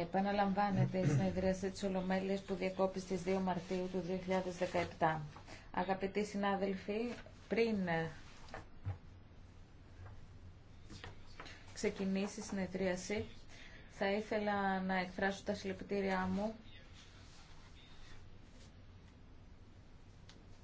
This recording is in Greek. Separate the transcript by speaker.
Speaker 1: Επαναλαμβάνεται η συνεδρίαση της Ολομέλειας που διακόπη στις 2 Μαρτίου του 2017. Αγαπητοί συνάδελφοι, πριν ξεκινήσει η συνεδρίαση, θα ήθελα να εκφράσω τα συλληπιτήριά μου